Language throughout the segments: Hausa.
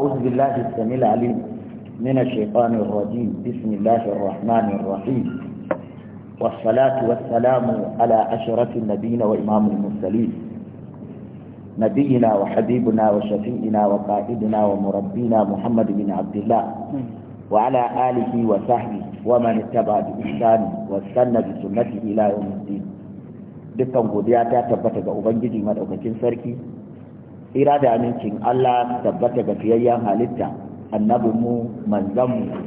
أعوذ بالله السميع العليم من الشيطان الرجيم بسم الله الرحمن الرحيم والصلاة والسلام على أشرف النبيين وإمام المرسلين نبينا وحبيبنا وشفيئنا وقائدنا ومربينا محمد بن عبد الله وعلى آله وصحبه ومن اتبع بإحسان واستنى بسنته إلى يوم الدين dukkan godiya ta tabbata ga ubangiji madaukakin sarki ira da amincin Allah tabbata ga fiyayyen halitta mu, mu,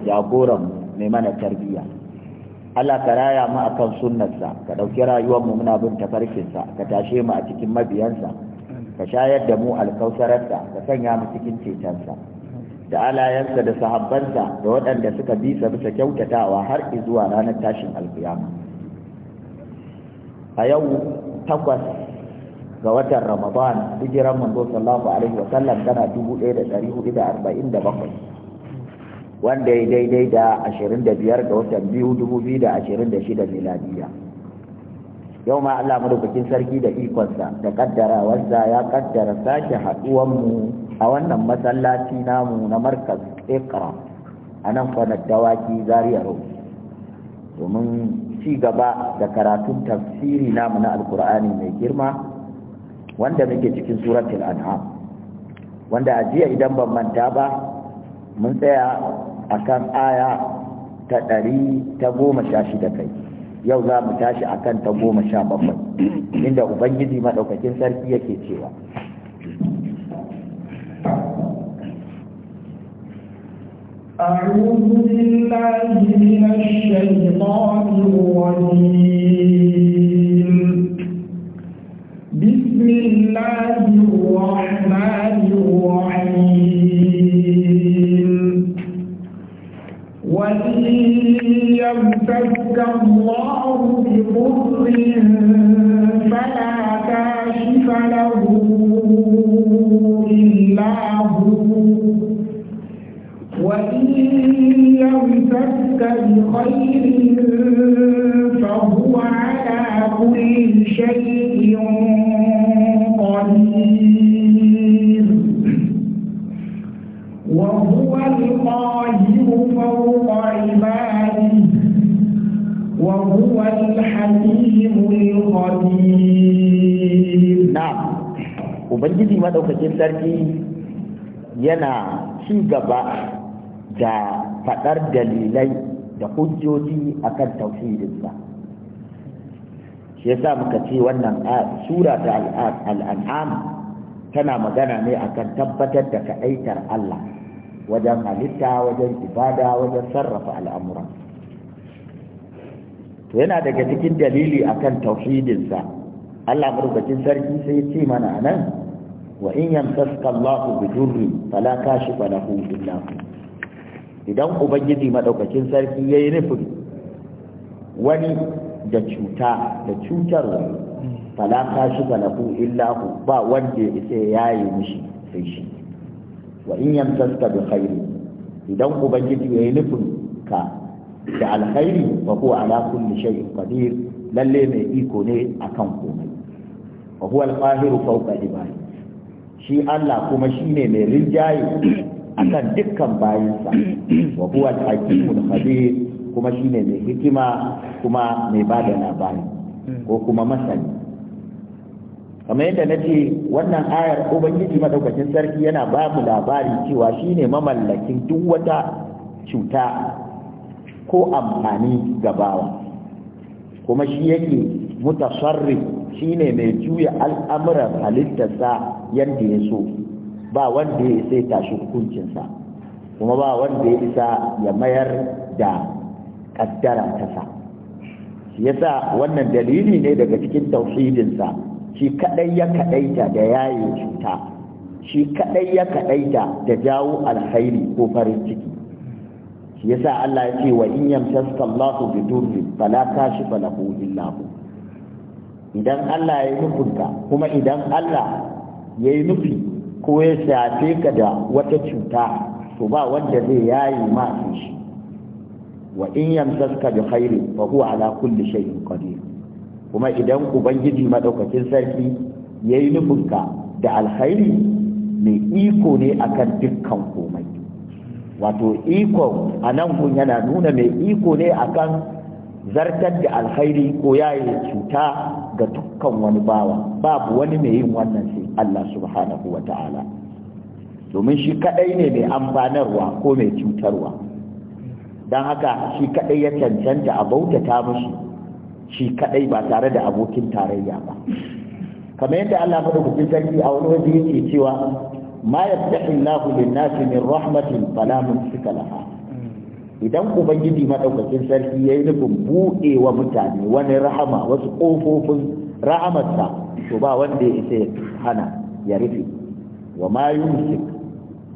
jagoran mu, mai mana tarbiyya Allah ka raya mu akan sunnarsa ka ɗauki mu muna bin tafarkinsa ka tashe mu a cikin mabiyansa ka shayar da mu alkausararsa ka sanya mu cikin cetonsa da alayansa da sahabbansa da waɗanda suka bi sa bisa kyautatawa har zuwa ranar tashin alkiyama a yau takwas ga watan ramadan hijiran manzo sallallahu alaihi wa sallam tana 1447 wanda ya daidai da 25 ga watan biyu 2026 miladiya yau ma Allah madaukakin sarki da ikonsa da kaddarawarsa ya kaddara sake haduwan mu a wannan masallaci namu na markaz ikra a nan kwanar dawaki zaria road domin ci gaba da karatun tafsiri namu na alkur'ani mai girma wanda muke cikin suratul an'am wanda a jiya idan ban manta ba mun tsaya akan aya ta ɗari ta goma shida kai yau za mu tashi akan ta goma sha inda ubangiji madaukakin sarki yake cewa أعوذ بالله من الشيطان الرجيم بسم الله الرحمن الرحيم وإن يمسك الله بضر فلا كاشف له إلا هو وإن يمسك بخير فهو على كل شيء الحكيم الخبير نعم ubangiji madaukakin sarki yana ci gaba da faɗar dalilai da hujjoji akan tausirinsa shi yasa muka ce wannan sura ta al'an'am tana magana ne akan tabbatar da kaɗaitar Allah wajen halitta wajen ibada wajen sarrafa al'amuransa to yana daga cikin dalili akan tauhidinsa Allah madaukakin sarki sai ce mana nan wa in yamsaska Allahu bi durri fala kashifa lahu illa hu idan ubangiji madaukakin sarki yayi nufin wani da cuta da cutarwa fala kashifa lahu illa hu ba wanda yake yayi mishi sai shi wa in yamsaska bi khairi idan ubangiji yayi nufin ka da alkhairi wa huwa ala kulli shay'in qadir lalle mai iko ne akan komai wa huwa al-qahiru fawqa ibadi shi Allah kuma shine mai rinjaye akan dukkan bayinsa wa huwa al-hakimul khabir kuma shine mai hikima kuma mai bada labari ko kuma masani kamar yadda na ce wannan ayar ubangiji madaukakin sarki yana ba mu labari cewa shine mamallakin duk wata cuta ko amfani ga bawa kuma shi yake mutasarrif shine mai juya al'amuran halittarsa yadda ya so ba wanda ya sai tashi hukuncinsa kuma ba wanda ya isa ya mayar da kaddara ta sa shi yasa wannan dalili ne daga cikin tauhidinsa shi kadai ya kaɗaita da yaye cuta shi kadai ya kaɗaita da jawo alkhairi ko farin ciki yasa Allah ya ce wa in yamtaska Allah bi durri fala kashifa lahu illa hu idan Allah ya yi nufinka kuma idan Allah ya yi nufi ko ya shafe ka da wata cuta to ba wanda zai yayi ma shi wa in yamtaska bi khairi fa huwa ala kulli shay'in qadir kuma idan ubangiji madaukakin sarki ya yi nufinka da alkhairi mai iko ne akan dukkan komai wato iko a nan kun yana nuna mai iko ne a kan zartar da alkhairi ko yaye cuta ga dukkan wani bawa babu wani mai yin wannan sai Allah subhanahu wa ta'ala domin shi kadai ne mai amfanarwa ko mai cutarwa don haka shi kadai ya cancanta a bautata mushi shi kadai ba tare da abokin tarayya ba kamar yadda Allah madaukakin sarki a wani waje yake cewa ma yaftahi Allahu lin-nasi min rahmatin fala mumsika laha idan ubangiji madaukakin sarki yayi nufin buɗe wa mutane wani rahama wasu ƙofofin rahamarsa to ba wanda ya isa hana ya rufe wa ma yumsik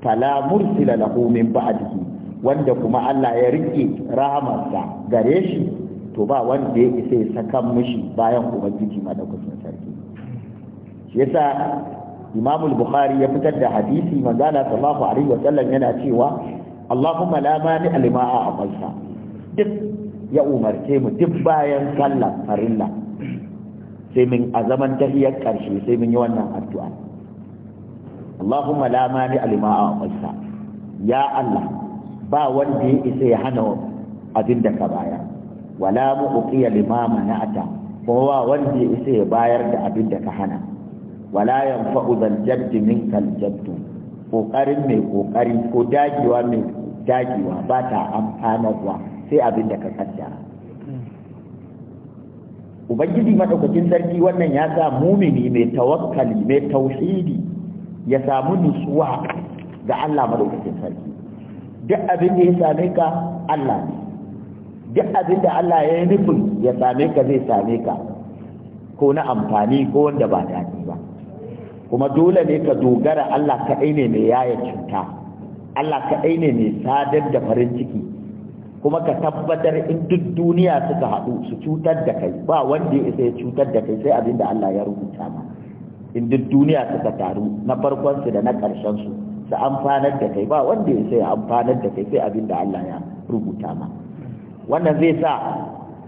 fala mursila lahu min ba'dihi wanda kuma Allah ya rike rahamarsa gare shi to ba wanda ya isa sakan mishi bayan ubangiji madaukakin sarki shi yasa imam al-bukhari ya fitar da hadisi manzala sallallahu alaihi wasallam yana cewa Allahumma la mani alima a aqalta duk ya umarce mu duk bayan sallah farilla sai min a zaman tahiyar karshe sai min yi wannan addu'a Allahumma la mani alima a aqalta ya Allah ba wanda ya isa ya hana abin da ka baya, wala mu uqiya lima mana'ata kowa wanda ya isa ya bayar da abin da ka hana wala yan zal jaddi min jaddu kokarin mai kokari ko dagewa mai dagewa ba ta amfanarwa sai abin da ka kaddara ubangiji madaukakin sarki wannan ya sa mumini mai tawakkali mai tauhidi ya samu nutsuwa ga Allah madaukakin sarki duk abin da ya same ka Allah ne duk abin da Allah ya yi nufin ya same ka zai same ka ko na amfani ko wanda ba daɗi kuma dole ne ka dogara Allah kaɗai ne mai yaya cuta Allah kaɗai ne mai sadar da farin ciki kuma ka tabbatar in duk duniya suka haɗu su cutar da kai ba wanda ya isa ya cutar da kai sai abin da Allah ya rubuta ma in duk duniya suka taru na farkonsu da na ƙarshensu su amfanar da kai ba wanda ya sai amfanar da kai sai abin da Allah ya rubuta ma wannan zai sa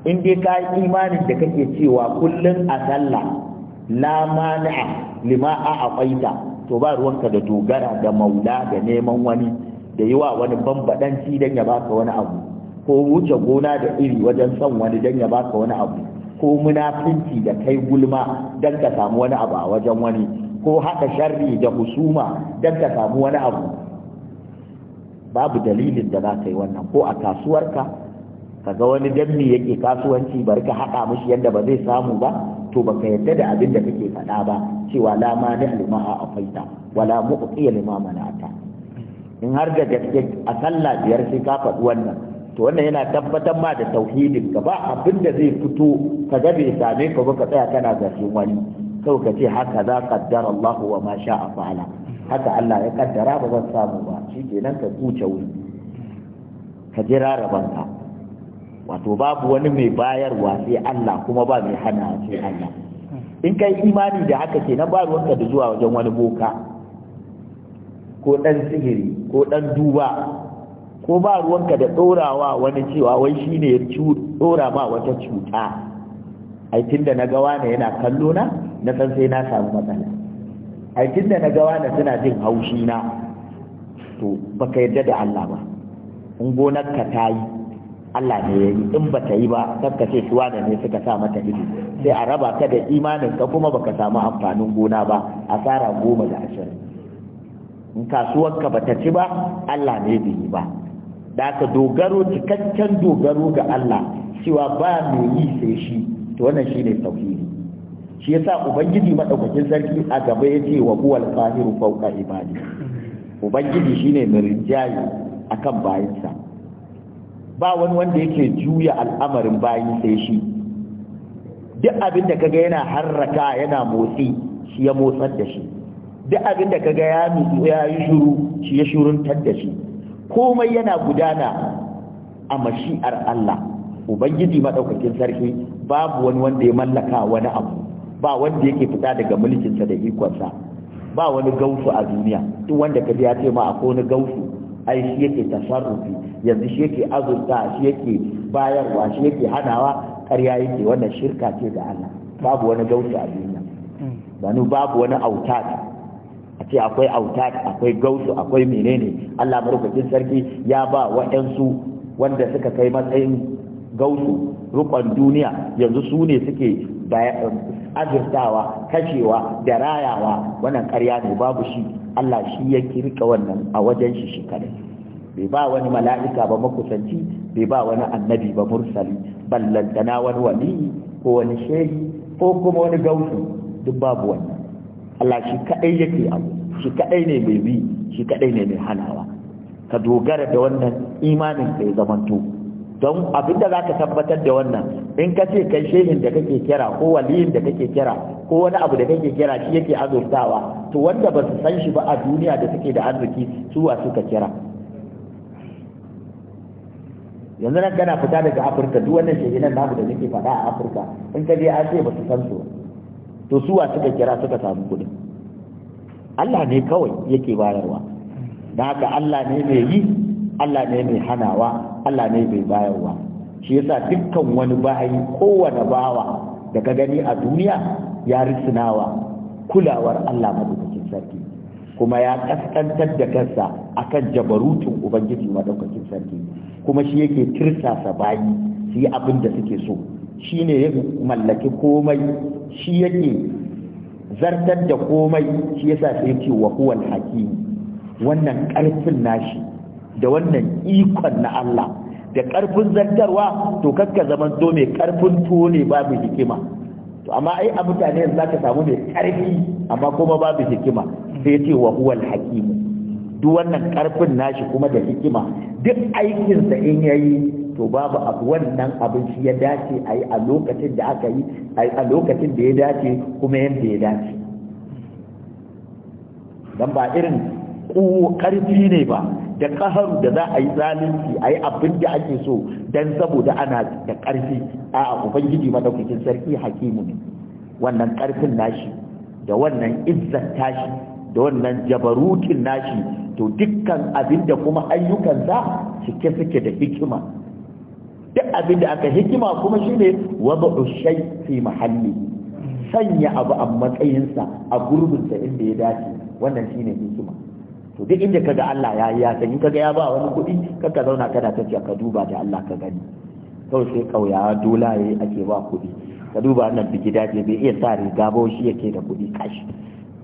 in dai ka imanin da kake cewa kullum a sallah la mani'a lima a afaita to ba ruwanka da dogara da maula da neman wani da yi wa wani bambadanci don ya baka wani abu ko wuce gona da iri wajen son wani don ya baka wani abu ko munafinci da kai gulma don ka samu wani abu a wajen wani ko haɗa sharri da husuma don ka samu wani abu babu dalilin da za ka yi wannan ko a kasuwarka ka ga wani dammi yake kasuwanci bari ka haɗa mishi yadda ba zai samu ba to baka yadda da abin da kake faɗa ba cewa la ma ni alima a afaita wala muqti lima manata in har da gaske a sallah biyar sai ka faɗi wannan to wannan yana tabbatar ma da tauhidin ka ba abin da zai fito ka ga bai same ka ba ka tsaya kana zargin wani Kau ka ce haka za qaddara Allahu wa ma sha'a fa'ala haka Allah ya kaddara ba zan samu ba shikenan ka kuce wuri ka jira rabanka wato babu wani mai bayarwa sai Allah kuma ba mai hana sai Allah in kai imani da haka ke na ba ruwanka da zuwa wajen wani boka ko ɗan sihiri ko ɗan duba ko ba ruwanka da ɗorawa wani cewa wai shi ne ya ɗora ma wata cuta ai da na gawa ne yana kallo na na san sai na samu matsala ai da na gawa ne suna jin haushi na to baka yarda da Allah ba in gonarka ta yi Allah ne yayi in ba ta yi ba kar ce suwa da ne suka sa mata ido sai a raba ka da imanin ka kuma baka samu amfanin gona ba a asara goma da ashirin in kasuwar ba ta ci ba Allah ne bai yi ba da ka dogaro cikakken dogaro ga Allah cewa ba mai yi sai shi to wannan shine tauhidi shi yasa ubangiji madaukakin sarki a gaba ce wa huwal qahiru fawqa ibadi ubangiji shine mai rinjaye akan bayinsa ba wani wanda yake juya al'amarin bayi sai shi duk abin da kaga yana harraka yana motsi shi ya motsar da shi duk abin da kaga ya nutsu ya yi shuru shi ya shuruntar da shi komai yana gudana a mashi'ar Allah ubangiji madaukakin sarki babu wani wanda ya mallaka wani abu ba wanda yake fita daga mulkin sa da ikon sa. ba wani gausu a duniya duk wanda kaji ya ce ma akwai wani gausu ai shi yake tasarrufi yanzu shi yake azurta shi yake bayarwa shi yake hanawa ƙarya yake wannan shirka ce ga Allah babu wani gauta a duniya banu babu wani autat a ce akwai autat akwai gautu akwai menene Allah marukacin sarki ya ba waɗansu wanda suka kai matsayin gautu rukon duniya yanzu su ne suke azurtawa kashewa da rayawa wannan ƙarya ne babu shi Allah shi ya kirka wannan a wajen shi shi kadai bai ba wani mala'ika ba makusanci bai ba wani annabi ba mursali ballantana wani wali ko wani shehi ko kuma wani gautu duk babu wannan Allah shi kadai yake abu shi kadai ne mai bi shi kadai ne mai hanawa ka dogara da wannan imanin ka ya zamanto don abinda za ka tabbatar da wannan in ka ce kai shehin da kake kira ko waliyin da kake kira ko wani abu da kake kira shi yake azurtawa to wanda ba su san shi ba a duniya da suke da arziki su wa suka kira yanzu nan kana fita daga afirka duk wannan nan namu da nake faɗa a afirka in ka je an ce ba su san su to suwa suka kira suka samu kuɗi Allah ne kawai yake bayarwa da haka Allah ne mai yi Allah ne mai hanawa Allah ne mai bayarwa shi yasa dukkan wani bayi kowane bawa da ka gani a duniya ya risinawa kulawar Allah madaukakin sarki kuma ya kaskantar da kansa akan jabarutun ubangiji madaukakin sarki kuma shi yake tirsasa bayi su yi abin da suke so shi ne ya mallaki komai shi yake zartar da komai shi yasa sai ce wa huwal hakim wannan ƙarfin nashi da wannan ikon na Allah da ƙarfin zartarwa to kakka zaman to mai ƙarfin tuwo ne babu hikima to amma ai a mutane yanzu zaka samu mai ƙarfi amma kuma babu hikima sai ce wa huwal hakim duk wannan karfin nashi kuma da hikima duk aikinsa in yayi to babu abu wannan abin shi ya dace a yi a lokacin da aka yi a lokacin da ya dace kuma yadda ya dace don ba irin karfi ne ba da ƙaharu da za a yi zalunci a yi abin da ake so don saboda ana da karfi a ubangiji madaukakin sarki hakimu ne wannan ƙarfin nashi da wannan izzar tashi da wannan jabarutin nashi to dukkan abin da kuma ayyukansa cike suke da hikima duk abin da aka hikima kuma shine wada'u shay fi mahalli sanya abu a matsayinsa a gurbinsa inda ya dace wannan shine hikima to duk inda kaga Allah ya yi ya kaga ya ba wani kuɗi kaka zauna kana tafiya ka duba da Allah ka gani kawai sai kauyawa dolaye ake ba kuɗi ka duba wannan biki dace bai iya sa riga ba shi yake da kuɗi kashi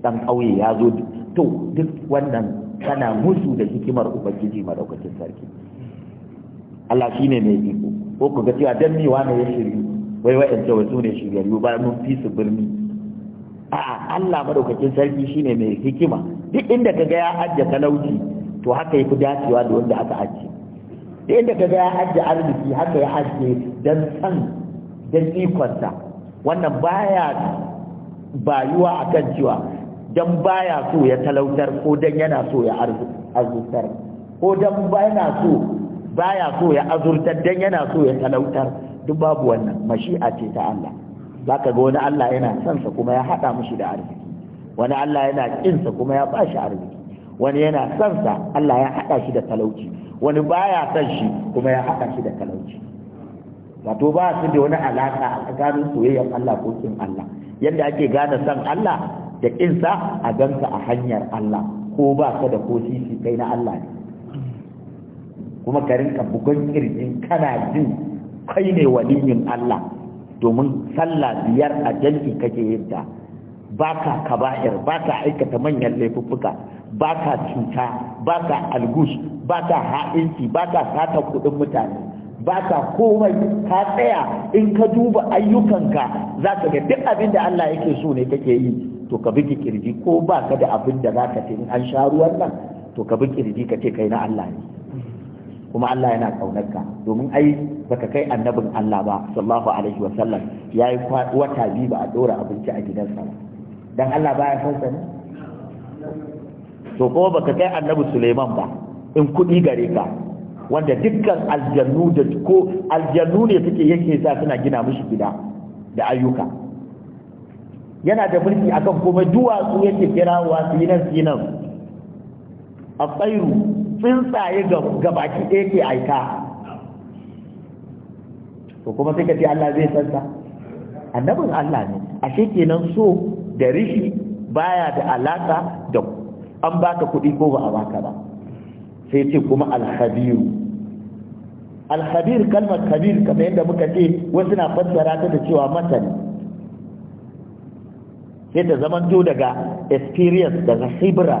dan ƙauye ya zo to duk wannan kana musu da hikimar ubangiji maɗaukacin sarki Allah shine mai iko ko ku ga cewa dan ni wani ya shiryu wai wa'ance wai su ne shiryayyu ba mun fi su birni a'a Allah maɗaukacin sarki shine mai hikima duk inda ka ga ya ajiye talauci to haka yafi dacewa da wanda aka ajiye. duk inda ka ga ya ajiye arziki haka ya ajiye dan san dan ikonsa wannan baya bayuwa akan cewa dan baya so ya talautar ko dan yana so ya azurtar ko dan yana so baya so ya azurtar dan yana so ya talautar duk babu wannan mashi'a ce ta Allah zaka ga wani Allah yana son sa kuma ya hada mushi da arziki wani Allah yana kin sa kuma ya ba shi arziki wani yana son sa Allah ya haɗa shi da talauci wani baya son shi kuma ya hada shi da talauci wato ba su da wani alaka a tsakanin soyayyar Allah ko kin Allah yadda ake gane son Allah da ƙinsa a ganka a hanyar Allah ko ba ka da ko kai na Allah ne kuma ka rinka bugon kirjin kana jin kai ne waliyin Allah domin sallah biyar a janki kake yin ta ba ka kaba'ir ba ka aikata manyan laifuffuka ba ka cuta ba ka algus ba ka ha'inci ba ka sata kuɗin mutane ba ka komai ka tsaya in ka duba ayyukanka za ka ga duk abin da Allah yake so ne kake yi to ka bugi kirji ko ba ka da abin da za ka ce in an sha ruwan nan to ka bi kirji ka ce kai na Allah ne kuma Allah yana kaunar ka domin ai baka kai annabin Allah ba sallallahu alaihi wa sallam yayi wata bi ba a dora abinci a gidansa ba dan Allah baya son san ne to ko baka kai annabi Suleiman ba in kudi gare ka wanda dukkan aljannu da ko aljannu ne take yake sa suna gina mishi gida da ayyuka yana da mulki akan kuma duwatsu yake kirawa su yi a tsairu tsuntsaye gabaki ɗaya ke aika to kuma sai ka ce Allah zai santa annabin Allah ne ashe kenan so da rishi baya da alaka da an baka kuɗi ko ba a baka ba sai ce kuma alhabiru alhabir kalmar kabir kamar yadda muka ce wasu na fassara ta da cewa masani sai zaman zamanto daga experience daga hibra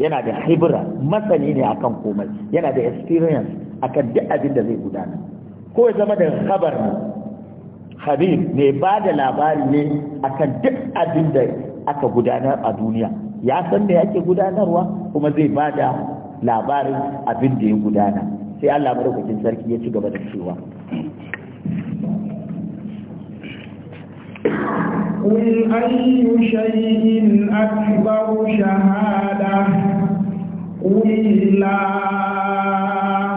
yana da hibra masani ne akan komai yana da experience akan duk abin da zai gudana ko ya zama da khabar ne habib mai ba da labari ne akan duk abin da aka gudanar a duniya ya san me ake gudanarwa kuma zai ba da labarin abin da ya gudana sai Allah madaukakin sarki ya ci gaba da cewa قل أي شيء أكبر شهادة قل الله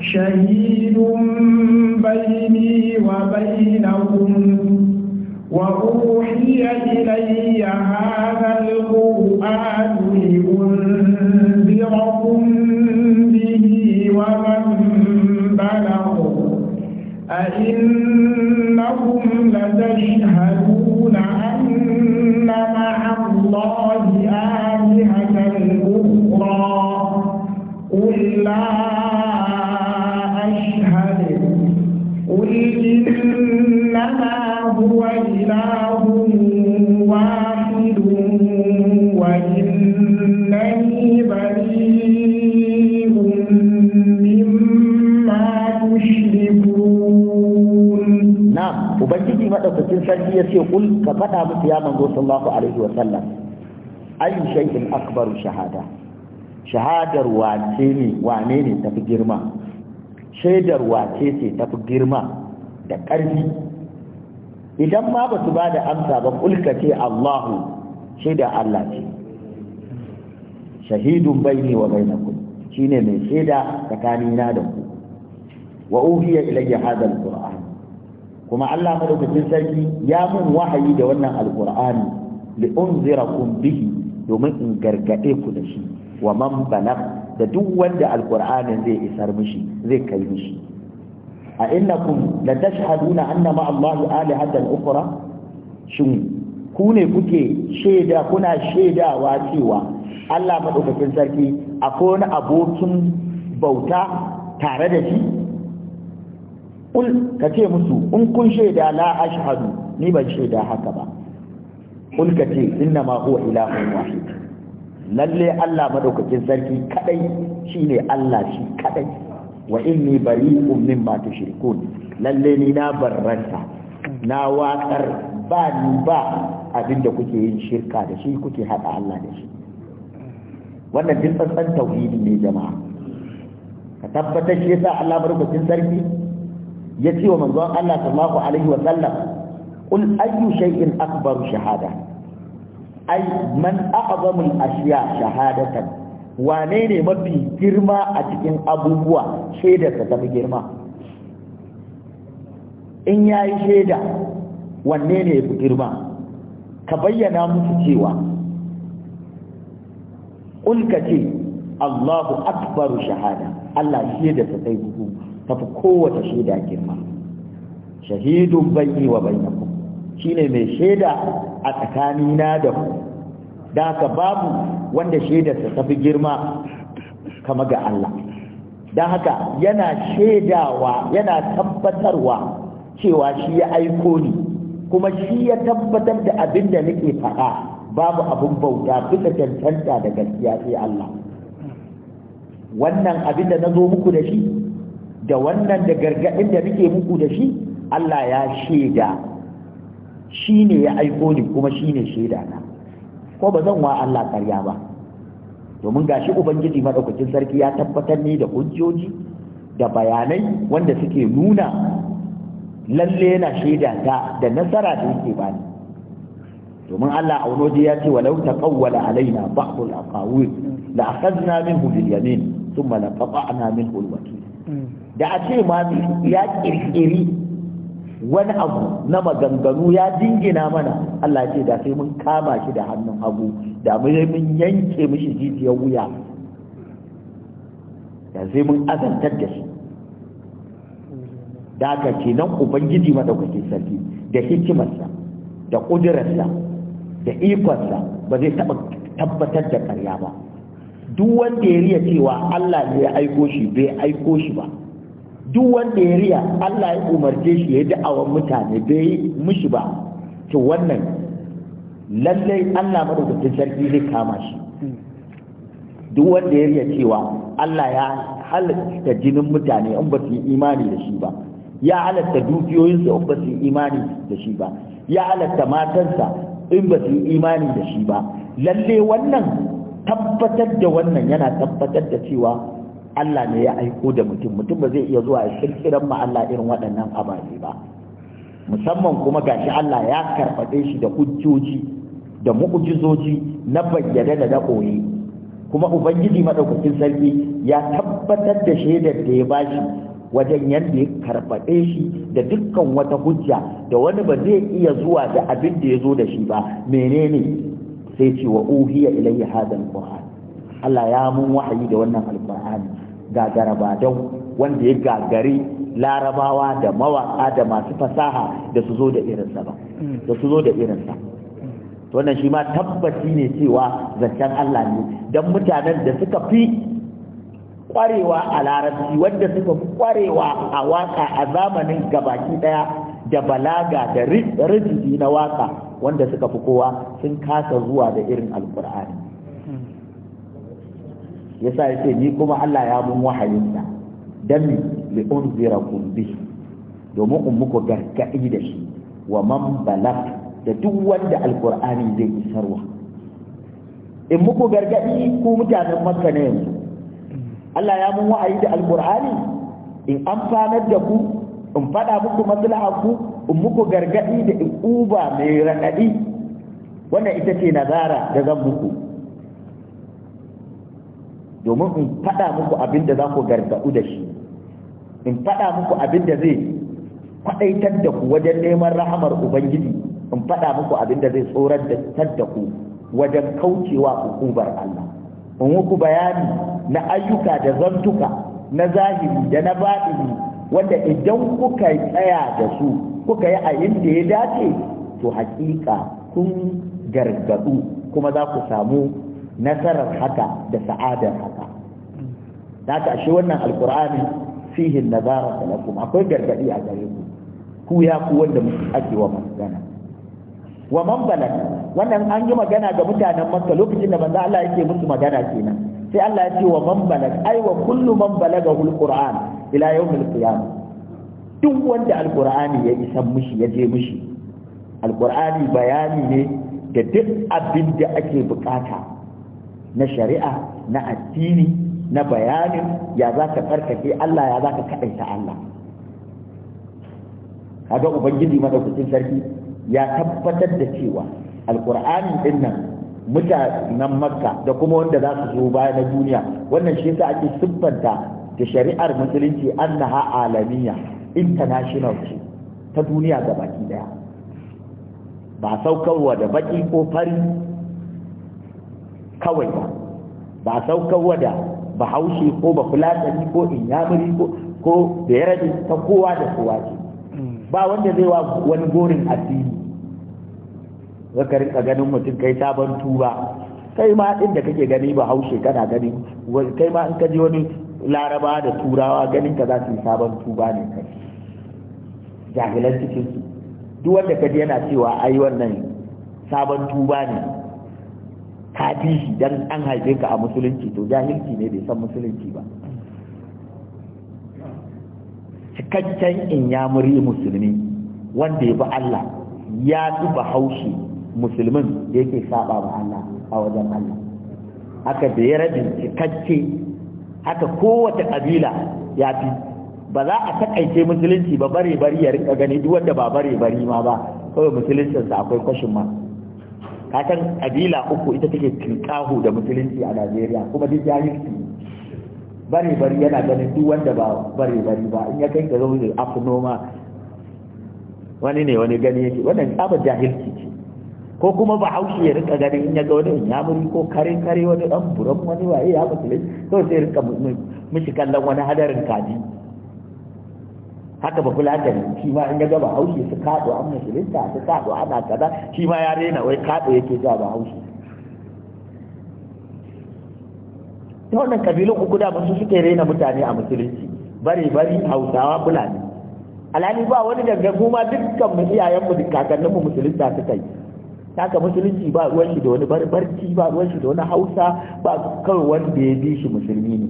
شهيد بيني وبينكم وأوحي إلي هذا القرآن لأنذركم به ومن بلغ أئنهم لتشهدون أن مع الله آلهة أخرى قل لا أشهد قل إنما هو إله واحد ubangiji madaukakin sarki ya ce kul ka faɗa musu ya manzo sallallahu alaihi wa sallam ayu shay'in akbaru shahada shahadar wace ne wane ne tafi girma shaidar wace ce tafi girma da ƙarfi idan ma ba su ba da amsa ba kulka ce Allahu shaida Allah ce shahidun baini wa bainakum shine mai shaida tsakanina da ku wa uhiya ilayya hadha alquran kuma Allah madaukakin sarki ya mun wahayi da wannan alqur'ani li unzirakum bihi domin in gargade ku da shi wa man bana. da duk wanda alqur'anin zai isar mishi zai kai mishi a innakum la tashhaduna anna ma Allah alihatan ukhra shin ku ne kuke shaida kuna shaidawa cewa Allah madaukakin sarki akwai wani abokin bauta tare da shi kul ka ce musu in kun shaida la ashhadu ni ban shaida haka ba kul ka ce inna ma huwa ilahun wahid lalle Allah madaukakin sarki kadai shine Allah shi kadai wa inni bari'un mimma tushrikun lalle ni na barranta na watsar ba ni ba abinda kuke yin shirka da shi kuke haɗa Allah da shi wannan duk tsantsan tauhidi ne jama'a ka tabbatar shi yasa Allah madaukakin sarki ya ce wa manzon Allah sallallahu alaihi wa sallam qul ayyu shay'in akbaru shahada ai man a'zamu al-ashya shahadatan wane ne mafi girma a cikin abubuwa shaida ta tafi girma in yayi shaida wanne ne yafi girma ka bayyana musu cewa qul ka ce Allahu akbaru shahada Allah shaida ta tafi girma tafi kowace shaida girma shahidun bayi wa shi shine mai shaida a tsakanina da ku da haka babu wanda shaidarsa tafi girma kama ga Allah don haka yana shaidawa yana tabbatarwa cewa shi ya aiko ni kuma shi ya tabbatar da abin da nake faɗa babu abin bauta bisa cancanta da gaskiya sai Allah wannan abin da na zo muku da shi da wannan da gargaɗin da muke muku da shi Allah ya shaida shi ne ya aiko ni kuma shi ne shaida na ko ba zan wa Allah ƙarya ba domin ga shi ubangiji madaukakin sarki ya tabbatar ni da hujjoji da bayanai wanda suke nuna lalle yana shaida ta da nasara da yake bani domin Allah a wani ya ce walau taqawwala alaina ba'dul aqawil la akhadna minhu bil yamin thumma min minhu al wakil da a ce ma ya kirkiri wani abu na maganganu ya jingina mana Allah ce da sai mun kama shi da hannun hagu da mun yanke mishi jijiyar wuya da sai mun azantar da shi da aka ce nan ubangiji maɗaukaki sarki da hikimarsa da ƙudurarsa da ikonsa ba zai tabbatar da ƙarya ba duk wanda ya riya cewa Allah ne ya aiko shi bai aiko shi ba duk wanda ya riya Allah ya umarce shi ya da'awan mutane bai mishi ba to wannan lallai Allah madaukakin sarki zai kama shi duk wanda ya riya cewa Allah ya halatta jinin mutane in ba su yi imani da shi ba ya halatta dukiyoyinsa in ba su yi imani da shi ba ya halatta matansa in ba su yi imani da shi ba Lallai wannan tabbatar da wannan yana tabbatar da cewa Allah ne ya aiko da mutum mutum ba zai iya zuwa ya kirkiran ma Allah irin waɗannan ababe ba musamman kuma gashi Allah ya karfaɗe shi da hujjoji da mu'jizoji na bayyane da na koyi kuma ubangiji madaukakin sarki ya tabbatar da shaidar da ya bashi wajen yadda ya karfaɗe shi da dukkan wata hujja da wani ba zai iya zuwa da abin da ya zo da shi ba menene sai ce wa uhiya ilayhi hadal qur'an Allah ya mun wahayi da wannan alƙur'ani ga ba dau wanda ya gagari larabawa da mawaka da masu fasaha da su zo da irinsa ba da su zo da irinsa wannan shi ma tabbaci ne cewa zancen Allah ne don mutanen da suka fi ƙwarewa a larabci wanda suka fi kwarewa a waka a zamanin gabaki daya da balaga da rijiji na waka wanda suka fi kowa sun kasa zuwa da irin alkur'ani yasa yace ni kuma Allah ya mun wahayin sa dan li kun bi domin in muku gargadi da shi wa man balag da duk wanda alqur'ani zai isarwa in muku gargadi ku mutanen makka ne yanzu Allah ya mun wa'ayi da alqur'ani in amfanar da ku in faɗa muku maslaha ku in muku gargadi da in uba mai raɗaɗi wannan ita ce nazara da zan muku domin in faɗa muku abin da za ku gargaɗu da shi in faɗa muku abin da zai kwaɗaitar da ku wajen neman rahamar ubangiji in faɗa muku abin da zai tsorar da ku wajen kaucewa hukubar Allah in muku bayani na ayyuka da zantuka na zahiri da na baɗini wanda idan kuka tsaya da su kuka yi a yinda ya dace to hakika kun gargaɗu kuma za ku samu nasarar haka da sa'adar haka da ka ashe wannan alkur'ani fihi nazara lakum akwai gargadi a gare ku ku ya ku wanda ake wa magana wa man balag wannan an yi magana ga mutanen makka lokacin da manzo Allah yake musu magana kenan sai Allah ya ce wa man balag ai wa kullu man balagahu alquran ila yawmil duk wanda alqur'ani ya isa mushi, ya je mishi alqur'ani bayani ne da duk abin da ake bukata na shari'a na addini na bayanin ya za ka tsarkake Allah ya za ka kaɗaita Allah kaga ubangiji madaukakin sarki ya tabbatar da cewa Alƙur'ani ɗin nan mutanen makka da kuma wanda za su zo baya na duniya wannan shi yasa ake siffanta da shari'ar musulunci annaha alamiya international ce ta duniya ga baki daya ba saukarwa da baki ko fari kawai ba ba saukarwa da bahaushe ko bafulatani ko inyamuri ko da ya ta kowa da kowa ce ba wanda zai wa wani gorin asiri zaka rinka ganin mutum kai sabon tuba kai ma inda kake gani bahaushe kana gani kai ma in ka ji wani laraba da turawa ganin ka za su yi sabon tuba ne kai jahilan cikin su duk wanda ka ji yana cewa ai wannan sabon tuba ne ka fi shi dan an haife ka a musulunci to jahilci ne bai san musulunci ba cikakken in ya muri musulmi wanda ya bi Allah ya fi bahaushe musulmin da yake saba ba Allah a wajen Allah haka da ya rabin cikakke haka kowace ƙabila ya fi ba za a takaice musulunci ba bare bari ya rika gani duk wanda ba bare bari ma ba kawai sa akwai kwashin ma kakan kabila uku ita take tinkahu da musulunci a Najeriya kuma duk jahilci bari bari yana ganin duk wanda ba bari bari ba in ya kai ga zuwa afnoma wani ne wani gani yake wannan tsabar jahilci ce ko kuma ba haushi ya rika ganin in ya ga wani ya muni ko kare kare wani dan buran wani waye ya musulunci to sai rika shi kallon wani hadarin kaji haka ba da shi ma in ga gaba haushi su kaɗo an musulunta su kaɗo ana kaza shi ma ya rena wai kaɗo yake zuwa ba haushi ta wannan kabilun uku da su suke rena mutane a musulunci bari bari hausawa fulani alhali ba wani gangagu ma dukkan mu iyayenmu da kakanninmu musulunta suka yi haka musulunci ba ruwan shi da wani barbarci ba ruwan shi da wani hausa ba kawai wanda ya bi shi musulmi ne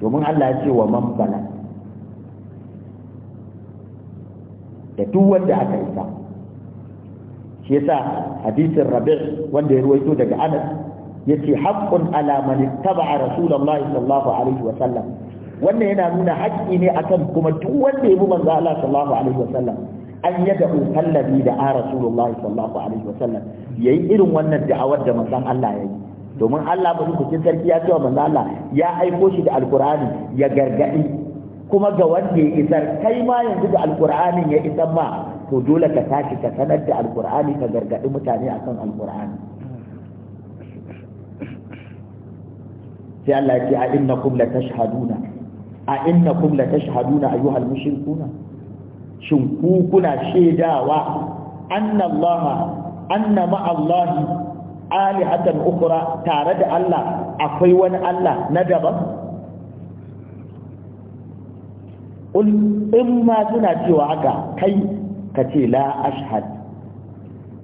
domin Allah ya ce wa man bala da duk wanda aka isa shi yasa hadisin rabi' wanda ya ruwaito daga anas yace haqqun ala man ittaba'a rasulullahi sallallahu alaihi wa sallam wannan yana nuna haƙƙi ne akan kuma duk wanda ya bi manzo Allah sallallahu alaihi wa sallam an yada ukallabi da a rasulullahi sallallahu alaihi wa sallam yayi irin wannan da'awar da manzon Allah ya yi. domin Allah madaukakin sarki ya ce wa manzo Allah ya aiko shi da alqur'ani ya gargadi kuma ga wanda ya isar kai ma yanzu da alkur'anin ya isar ma to dole ka tashi ka sanar da alkur'ani ka gargaɗi mutane akan alkur'ani sai Allah ya ce a innakum la tashhaduna a innakum la tashhaduna ayyuhal mushrikuna shin ku kuna shaidawa anna Allah anna ma Allah alihatan ukra tare da Allah akwai wani Allah na daban kul in ma suna cewa haka kai ka ce la ashhad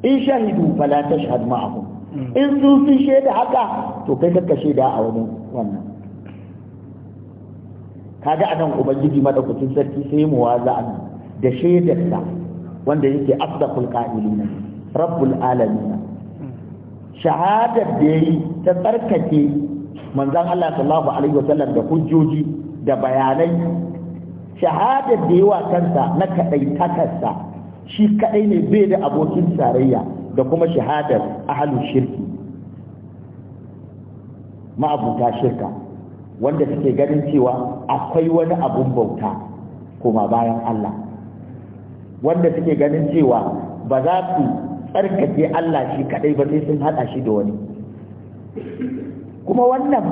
in shahidu fala tashhad ma'ahum in sun sun shaida haka to kai kakka shaida a wani wannan kaga anan ubangiji madaukakin sarki sai mu waza an da shaidarsa wanda yake afdaqul qa'ilina rabbul alamin shahadar da yayi ta tsarkake manzon Allah sallallahu alaihi wasallam da hujjoji da bayanai shahadar da yawa kansa na kaɗai takarsa shi kaɗai ne bai da abokin tarayya da kuma shahadar ahalin shirki ma'abuta shirka wanda suke ganin cewa akwai wani abun bauta kuma bayan Allah wanda suke ganin cewa ba za su tsarkake Allah shi kaɗai ba sai sun haɗa shi da wani kuma wannan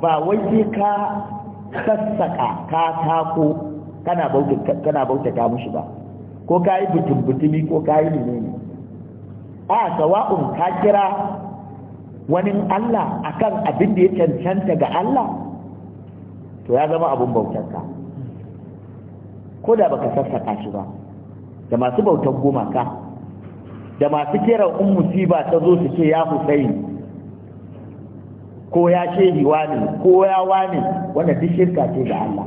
ba wai ka sassaka katako kana bauta kana bautata mushi ba ko kai butumbutumi ko kai ne a sawa'un ka kira wani Allah akan abin da ya cancanta ga Allah to ya zama abun bautarka ko da baka sassaka shi ba da masu bautar gumaka da masu kera in musiba ta zo su ce ya Hussein ko ya shehi wani ko ya wani wanda duk shirka ce ga Allah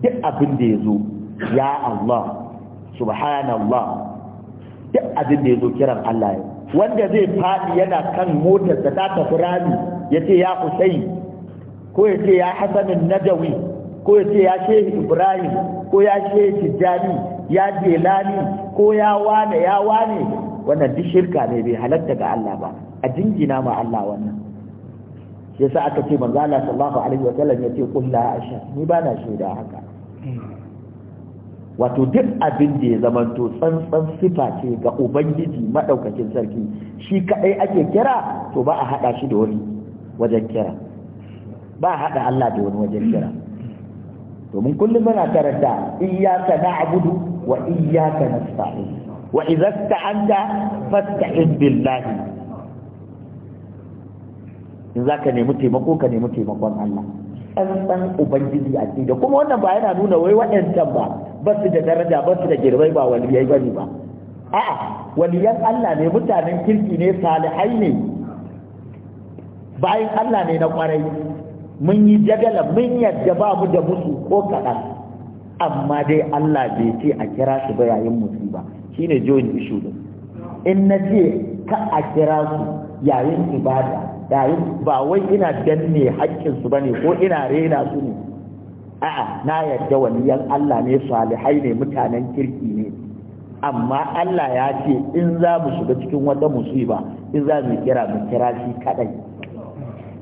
duk abin da ya zo ya Allah subhanallah duk abin da ya zo kiran Allah ya wanda zai faɗi yana kan motar da ta tafi rami ya ce ya Husayn ko ya ce ya Hassanin Najawi ko ya ce ya Shehu Ibrahim ko ya Shehu Tijjani ya Jelani ko ya wane ya wane wannan duk shirka ne bai halatta ga Allah ba a jingina ma Allah wannan yasa aka ce manzo Allah sallallahu alaihi wa sallam ya ce kullu ashhadu ni ba na shaida haka wato duk abin da ya zamanto tsantsan sifa ce ga ubangiji maɗaukakin sarki shi kaɗai ake kira to ba a haɗa shi da wani wajen kira ba a haɗa Allah da wani wajen kira domin kullum muna karanta iyyaka na'budu wa iyyaka nasta'in wa idza sta'anta fasta'in billahi in zaka nemi taimako ka nemi taimakon Allah tsantsan ubangiji a cikin kuma wannan ba yana nuna wai waɗancan ba ba su da daraja ba su da girbai ba waliyai ba ba a'a waliyan Allah ne mutanen kirki ne salihai ne bayan Allah ne na kwarai mun yi jagala mun yadda ba mu da musu ko kaɗan amma dai Allah bai ce a kira su ba yayin musiba shine jiwon ishu ne in na ce ka a kira su yayin ibada yayin ba wai ina danne haƙƙinsu ba ne ko ina rena su ne a'a na yarda waliyan Allah ne salihai ne mutanen kirki ne amma Allah ya ce in za mu shiga cikin wata musiba in za mu kira mu kira shi kadai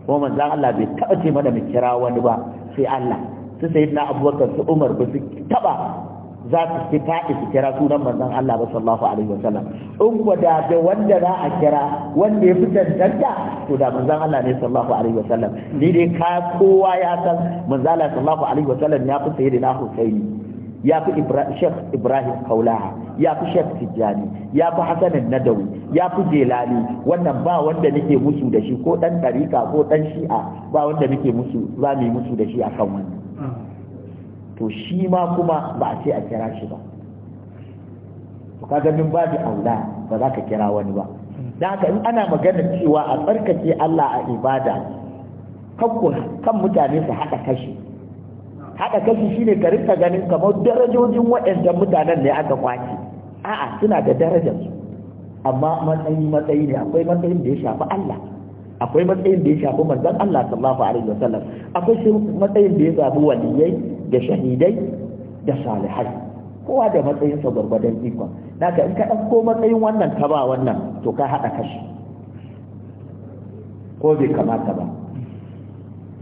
kuma manzon Allah bai taba ce mana mu kira wani ba sai Allah su sayyidina Abubakar su Umar ba su taba za su fi taɗi su kira sunan manzon Allah ba sallallahu alaihi wasallam in ko da da wanda za a kira wanda ya fi tantanta to da manzon Allah ne sallallahu alaihi wasallam ni dai ka kowa ya san manzon Allah sallallahu alaihi wasallam ya fi na Husaini ya fi Sheikh Ibrahim Kaulaha ya fi Sheikh Tijjani ya fi Hassan Nadawi ya fi Jelani wannan ba wanda nake musu da shi ko dan tarika ko dan shi'a ba wanda nake musu za mu yi musu da shi akan wannan hmm. to shi ma kuma ba a ce a kira shi ba to kaga min da aula ba za ka kira wani ba dan haka in ana magana cewa a tsarkake Allah a ibada kan mutane su haɗa kashi haɗa kashi shine ka rinka ganin kamar darajojin waɗanda mutanen ne aka kwaci a'a suna da daraja. amma matsayi matsayi ne akwai matsayin da ya shafi Allah akwai matsayin da ya shafi manzon Allah sallallahu alaihi wasallam akwai matsayin da ya shafi waliyai da shahidai da salihai kowa da matsayinsa gwargwadon ikon daga in ka ɗauko matsayin wannan ka ba wannan to ka haɗa kashi ko bai kamata ba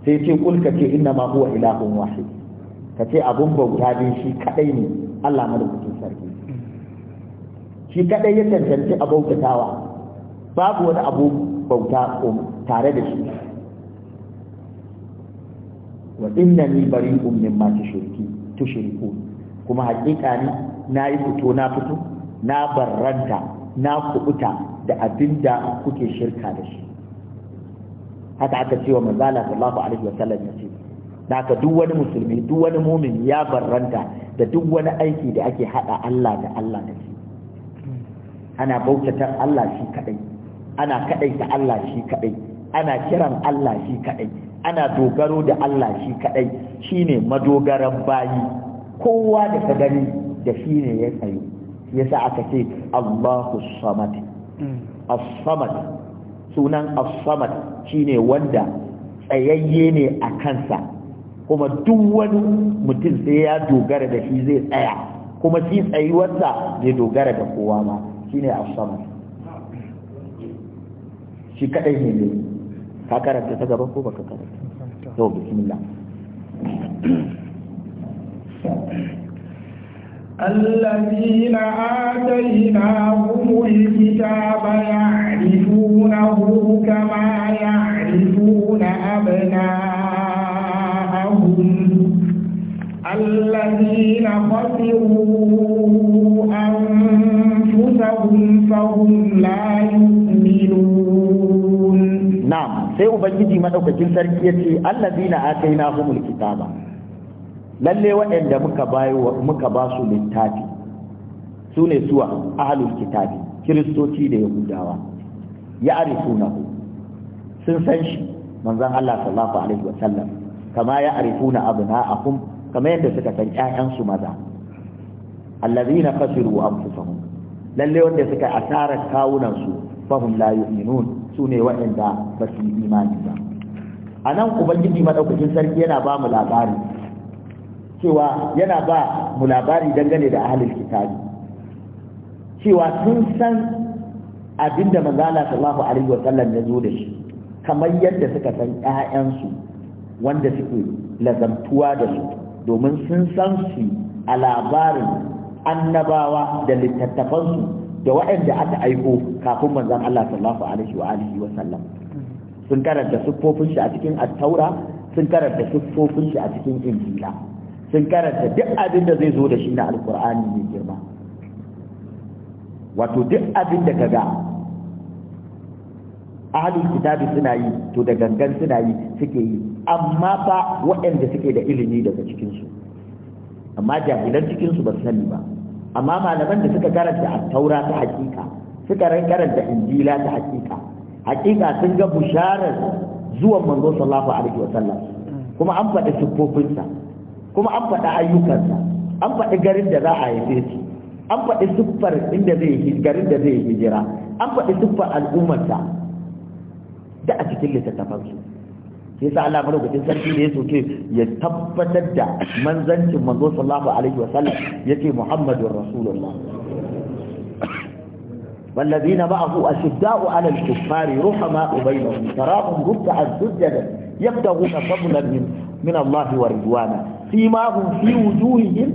sai ce kulka ce inna ma huwa ilahun wahid ka ce abun bauta din shi kaɗai ne Allah madaukakin sarki shi kaɗai ya cancanci bautatawa, babu wani abu bauta tare da shi wa bari bari'un ma tushriki tushriku kuma hakika ne na yi fito na fito na barranta na kubuta da abinda kuke shirka da shi haka aka ce wa manzala sallallahu alaihi wa sallam ya ce ka duk wani musulmi duk wani mumin ya barranta da duk wani aiki da ake hada Allah da Allah da shi ana bautatar Allah shi kadai ana da Allah shi kadai ana kiran Allah shi kadai ana dogaro da Allah shi kadai shine madogaran bayi kowa da ka gani da shi ne ya tsaye yasa aka ce Allahu samad mm. as-samad sunan as-samad shine wanda tsayayye ne a kansa kuma duk wani mutum sai ya dogara da shi zai tsaya kuma shi tsayuwarsa zai dogara da kowa ba shine as-samad shi kadai ne ka karanta ta gaba ko baka karanta to bismillah الذين آتيناهم الكتاب يعرفونه كما يعرفون أبناءهم الذين خسروا أنفسهم فهم لا يؤمنون نعم sai ubangiji madaukakin sarki ya ce allazina ataina humul kitaba lalle waɗanda muka bayo muka ba su littafi su ne suwa ahlul kitabi kiristoci da yahudawa ya ku sun san shi manzon Allah sallallahu alaihi Sallam. kama ya abu na arifuna abna'ahum kama yadda suka san ƴaƴansu maza allazina khasiru anfusahum lalle wanda suka asarar kawunan su fahum la yu'minun su ne waɗanda ba su yi imani ba a nan ubangiji maɗaukakin sarki yana ba mu labari cewa yana ba mu labari dangane da ahalin kitabi cewa sun san abin da manzala sallallahu alaihi wa sallam ya zo da shi kamar yadda suka san 'ya'yansu wanda suke lazamtuwa da su domin sun san su a labarin annabawa da littattafansu da waɗanda aka aiko kafin manzon Allah sallallahu alaihi wa alihi wa sallam sun karanta siffofin shi a cikin Attaura, sun karanta siffofin shi a cikin injila sun karanta duk abin da zai zo da shi na alkur'ani mai girma wato duk abin da kaga ahalin kitabi suna yi to da gangan suna yi suke yi amma fa waɗanda suke da ilimi daga cikinsu amma jahilan cikinsu ba sani ba amma malaman da suka karanta at-taura ta hakika suka karanta injila ta hakika hakika sun ga busharar zuwan manzo sallallahu alaihi wasallam kuma an faɗi siffofinsa kuma an faɗi ayyukansa an faɗi garin da za a haife shi an faɗi siffar inda zai yi garin da zai hijira an faɗi siffar al'ummarsa da a cikin littattafansu sai sa Allah madaukakin sarki da ya soke ya tabbatar da manzancin manzo sallallahu alaihi wa sallam yace Muhammadur Rasulullah والذين معه أشداء على الكفار رحماء بينهم تراهم ركعا سجدا يبتغون فضلا من من الله ورضوانا سيماهم في وجوههم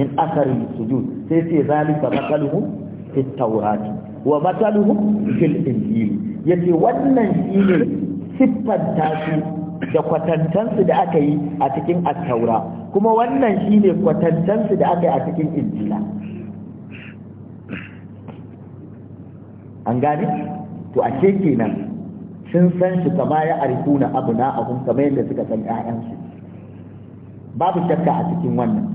من أثر السجود سيسي ذلك مثلهم في التوراة ومثلهم في الإنجيل يتي ونن siffanta su da kwatantansu da aka yi a cikin attaura kuma wannan shi ne kwatantansu da aka yi a cikin injila an gane to a ce kenan sun san shi kama ya na abu na abun kama yadda suka san ƴaƴansu babu shakka a cikin wannan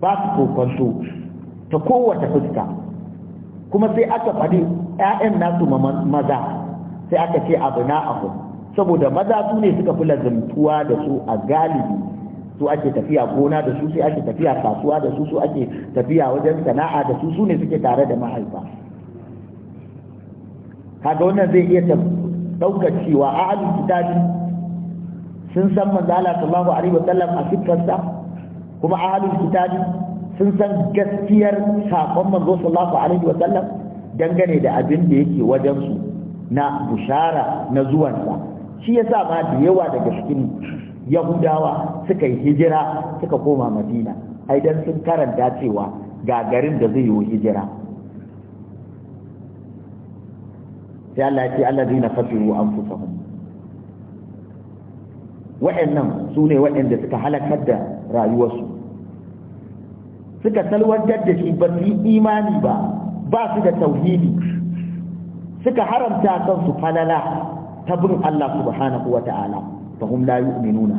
ba su kokonto ta kowace fuska kuma sai aka faɗi ƴaƴan nasu maza sai aka ce abu na abu saboda maza su ne suka fi lazumtuwa da su a galibi su ake tafiya gona da su sai ake tafiya kasuwa da su su ake tafiya wajen sana'a da su su ne suke tare da mahaifa kaga wannan zai iya daukar cewa a kitabi sun san manzo Allah sallallahu alaihi wasallam a fitrarsa kuma a kitabi sun san gaskiyar sakon manzo sallallahu alaihi wasallam dangane da abin da yake wajen su na bushara na zuwansa shi yasa ma da yawa daga cikin yahudawa suka yi hijira suka koma madina ai dan sun karanta cewa ga garin da zai yi hijira sai Allah ya ce allazina fasiru anfusahum Waɗannan su ne wa'anda suka halakar da rayuwarsu suka salwantar da shi ba su yi imani ba ba su da tauhidi suka haramta kansu falala ta bin Allah subhanahu wata'ala fa hum la yu'minuna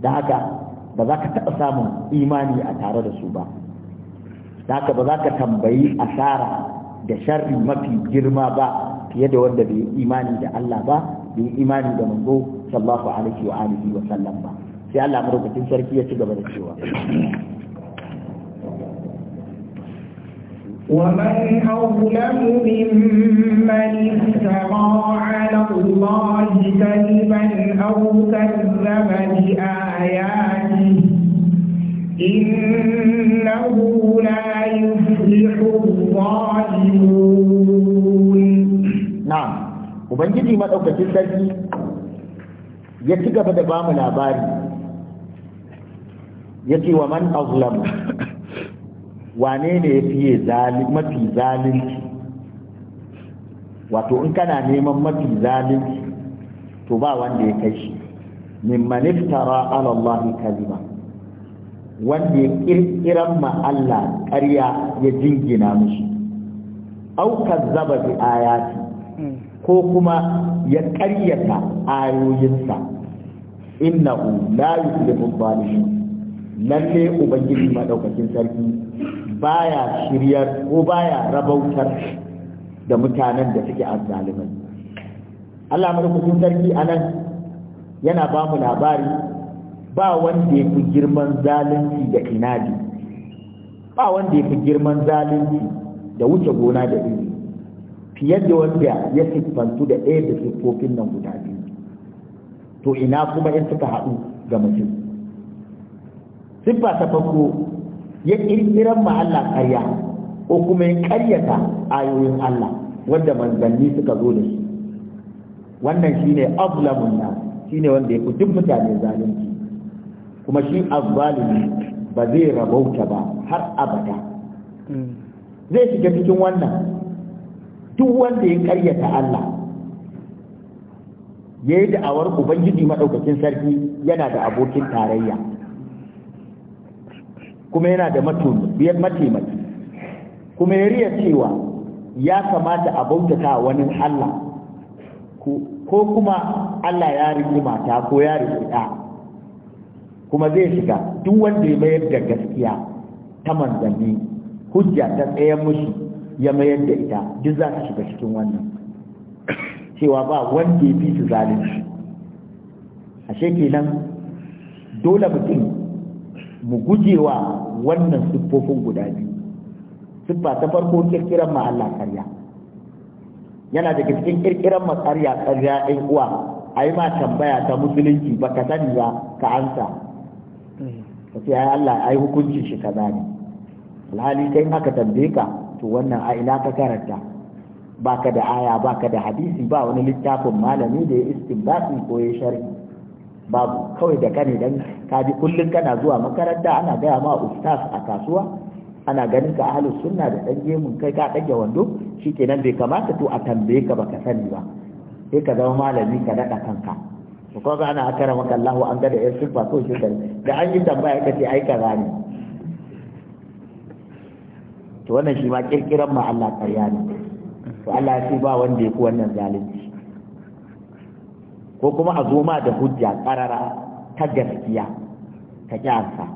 da haka ba za ka taɓa samun imani a tare da su ba da haka ba za ka tambayi asara da sharri mafi girma ba fiye da wanda bai imani da Allah ba bai imani da manzo sallallahu alaihi wa alihi wa sallam ba sai Allah madaukakin sarki ya ci gaba da cewa ومن أظلم ممن افترى على الله كذبا أو كذب بآياته إنه لا يفلح الظالمون نعم Ubangiji maɗaukacin sarki ya ci gaba da bamu labari ya ce wa man wane ne ya fiye mafi zalunci wato in kana neman mafi zalunci to ba wanda ya kai shi mimman iftara alallahi kalima wanda ya kirkiran ma Allah ƙarya ya jingina mushi aukar zaba bi ayati ko kuma ya ƙaryata ayoyinsa innahu la yuflihu zalimin lalle ubangiji madaukakin sarki baya shiryar ko baya rabautar da mutanen da suke azzalimai Allah madaukakin sarki anan yana ba mu labari ba wanda ya fi girman zalunci da inadi ba wanda ya fi girman zalunci da wuce gona da iri fiye da wanda ya siffantu da ɗaya da siffofin nan guda biyu to ina kuma in suka haɗu ga mutum siffa ta farko ya kirkiran ma Allah ƙarya ko kuma ya ƙaryata ayoyin Allah wanda manzanni suka zo da shi wannan shi ne shine na shi ne wanda ya fi duk mutane zalunci kuma shi azzalimi ba zai rabauta ba har abada zai shiga cikin wannan duk wanda ya ƙaryata Allah ya yi da'awar ubangiji maɗaukakin sarki yana da abokin tarayya kuma yana da mataimaki kuma ya riya cewa ya kamata a bautata wani Allah ko kuma Allah ya riki mata ko ya riki ɗa kuma zai shiga duk wanda ya mayar da gaskiya ta manzanni hujja ta tsayen mushi ya mayar da ita duk za su shiga cikin wannan cewa ba wanda ya fi su zalunci ashe kenan dole mutum mu gujewa wannan siffofin guda biyu siffa ta farko kirkiran ma Allah karya yana daga cikin kirkiran ma karya karya ɗin uwa a yi ma tambaya ta musulunci ba ka sani ba ka ansa ka ce ai Allah ai hukuncin shi kaza ne alhali kai aka tambaye ka to wannan a ina ka karanta baka da aya baka da hadisi ba wani littafin malami da ya istinbati ko ya sharhi babu kawai da kane dan kaji kullun kana zuwa makaranta ana gaya ma ustaz a kasuwa ana ganin ka ahlus sunna da dan gemun kai ka dage wando shikenan bai kamata to a tambaye ka baka sani ba sai ka zama malami ka dada kanka to ko ga ana akara maka Allah an ga da yar sifa ko shi da an yi tambaya ka ce ai ka gani to wannan shi ma kirkiran ma Allah ƙarya ne to Allah ya ce ba wanda ya fi wannan zalunci ko kuma a zo da hujja karara ta gaskiya ka kyasa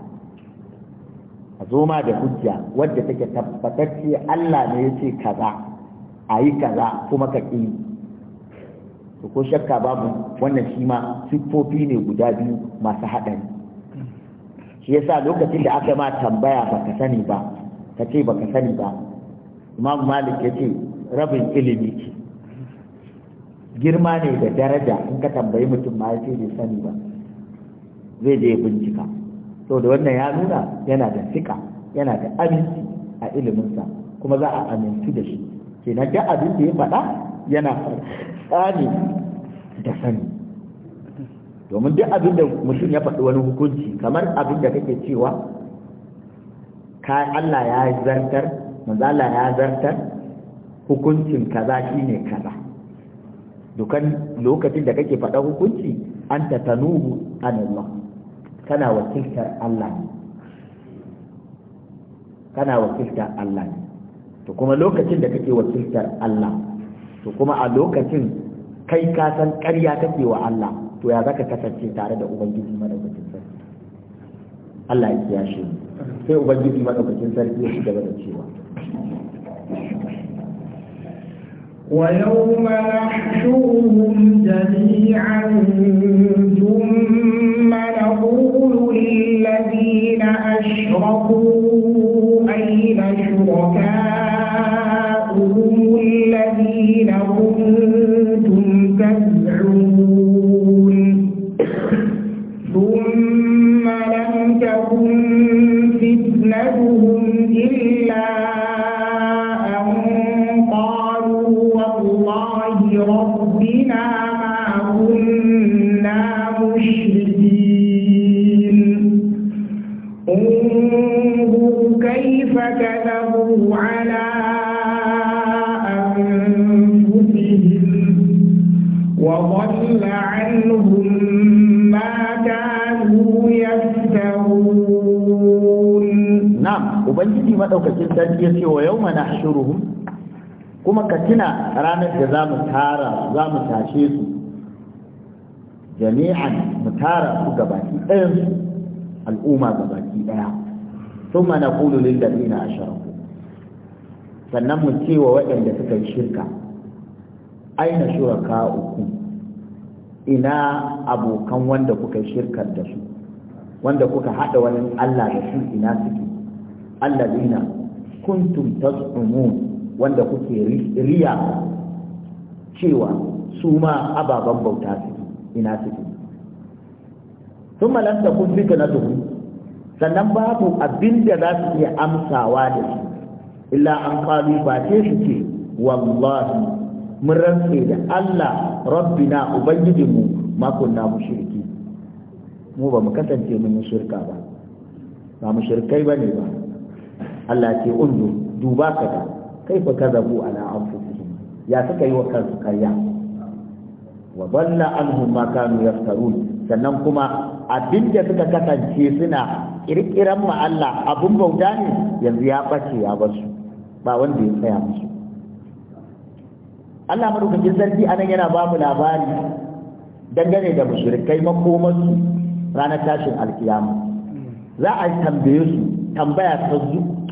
a zo da hujja wadda take tabbatacce Allah ne ya ce kaza a yi kaza kuma ka ƙi to ko shakka babu wannan shi ma siffofi ne guda biyu masu haɗari shi yasa lokacin da aka ma tambaya baka sani ba ka ce baka sani ba imam malik ya ce rabin ilimi ce girma ne da daraja in ka tambayi mutum ma ya ce bai sani ba zai je bincika to da wannan ya nuna yana da sika yana da aminci a iliminsa kuma za a aminci da shi kenan duk abin da ya faɗa yana tsani da sani domin duk abin da mutum ya faɗi wani hukunci kamar abin da kake cewa ka Allah ya zartar manzo ya zartar hukuncin kaza shine kaza dukan lokacin da kake faɗa hukunci an ta tanuhu an Allah kana wakiltar Allah ne kana wakiltar Allah ne to kuma lokacin da kake wakiltar Allah to kuma a lokacin kai ka san ƙarya kake wa Allah to ya zaka kasance tare da ubangiji madaukakin sarki Allah ya kiyashe sai ubangiji madaukakin sarki ya shiga da cewa ويوم نحشرهم جميعا ثم نقول للذين أشركوا أين شركاؤهم الذين كنتم تزعمون nahshuruhum kuma ka tuna ranar da za mu tara za mu tashe su jami'an mu tara su gabaki ɗayan su al'umma gabaki ɗaya sun mana kulu lillazina asharaku sannan mu ce wa waɗanda suka yi shirka aina shuraka uku ina abokan wanda kuka yi shirkar da su wanda kuka haɗa wani Allah da su ina suke allazina kuntum tas'umun wanda kuke riya cewa su ma ababen bauta suke ina suke sun malanta kun fita na tuhu sannan babu abin da za su iya amsawa da su illa an kwalu ba ce su ce wallahi mun rantse da Allah rabbina ubangijinmu makon na shirki mu ba mu kasance mun yi shirka ba ba mu shirkai ba ne ba Allah ce undu duba ka da kai fa kazabu ala anfusihim ya suka yi wa kansu karya wa dalla anhum ma kanu yaftarun sannan kuma abinda suka kasance suna kirkiran ma Allah abun bauta ne yanzu ya bace ya basu ba wanda ya tsaya musu Allah madaukakin sarki anan yana ba mu labari dangane da mushrikai makomansu ranar tashin alkiyama za a tambaye su tambaya ta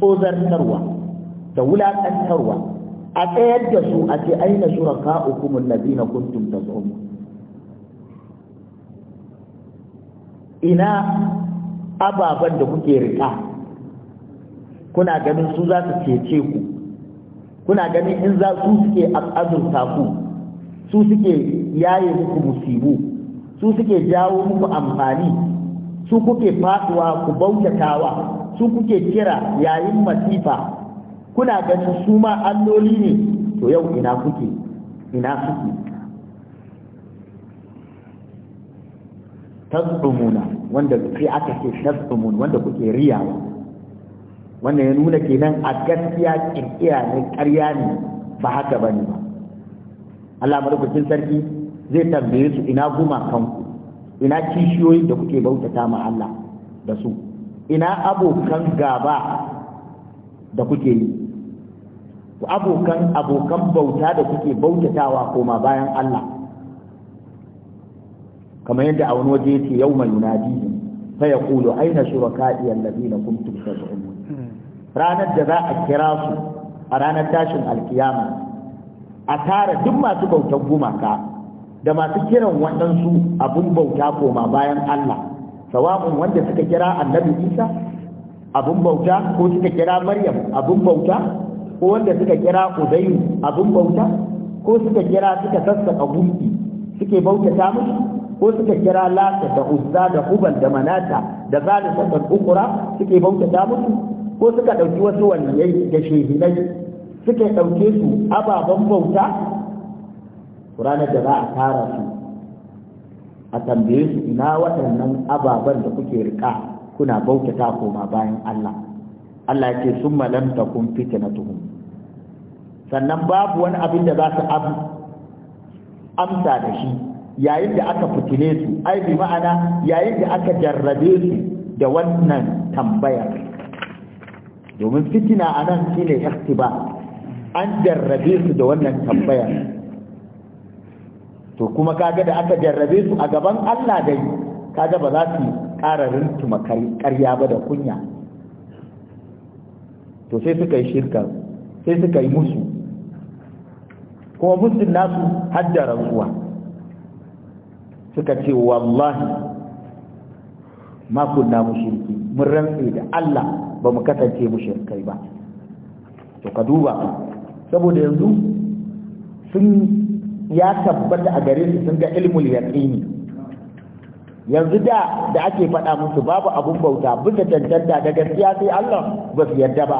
tozartarwa da wulaƙantarwa a tsayar da su a ce aina shuraka hukumun lazina kuntum tasum ina ababen da kuke riƙa kuna ganin su za su cece ku kuna ganin in za su suke azurta ku su suke yaye muku musibu su suke jawo muku amfani su kuke faduwa ku bautatawa su kuke kira yayin masifa kuna ganin su ma alloli ne to yau ina kuke ina suke tasdumuna wanda sai aka ce tasdumun wanda kuke riyawa wannan ya nuna kenan a gaskiya kirkiya ne ƙarya ne ba haka bane ba Allah madaukakin sarki zai tambaye su ina kanku? ina kishiyoyi da kuke bautata ma Allah da su ina abokan gaba da kuke yi abokan abokan bauta da kuke bautatawa koma bayan Allah kamar yadda a wani waje yake yau mai yunadi fa ya kulu aina shuraka'i allazina kuntum tad'un ranar da za a kira su a ranar tashin alkiyama a tara duk masu bautan gumaka da masu kiran waɗansu abun bauta koma bayan Allah sawa'un wanda suka kira annabi isa abun bauta ko suka kira maryam abun bauta ko wanda suka kira Udayu abun bauta ko suka kira suka sassaka gunki suke bautata musu, ko suka kira lata da uzza da hubal da manata da zalisa da ukura suke bautata musu ko suka ɗauki wasu waliyai da shehidai suke ɗauke su ababen bauta ranar da za a tara su a tambaye su ina waɗannan ababen da kuke rika kuna bautata koma bayan Allah Allah ya ce sun malam ta kun tuhum. sannan babu wani abin da za su amsa da shi yayin da aka fitine su ai bi ma'ana yayin da aka jarrabe su da wannan tambayar domin fitina anan shine ikhtiba an jarrabe su da wannan tambayar to kuma kaga da aka jarrabe su a gaban Allah dai kaga ba za su ƙara rintuma ƙarya ba da kunya to sai suka yi shirka sai suka yi musu kuma musu nasu haddara rantsuwa suka ce wallahi ma kunna mushriki mun rantse da Allah ba mu kasance mushrikai ba to ka duba saboda yanzu sun ya tabbata a gare su sun ga ilmul yaqini yanzu da da ake faɗa musu babu abun bauta bisa tantanta da gaskiya sai Allah ba su yarda ba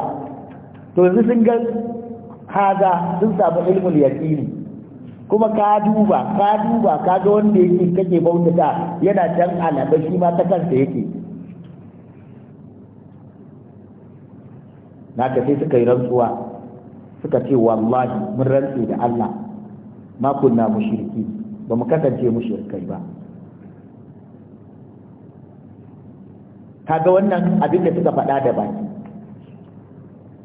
to yanzu sun ga haza sun samu ilmul yaqini kuma ka duba ka duba ka ga wanda yake kake bautata yana can alaba shi ma ta kansa yake naka sai suka yi rantsuwa suka ce wallahi mun rantse da Allah ma kunna mushriki ba mu kasance mushrikai ba kaga wannan abin da suka faɗa da baki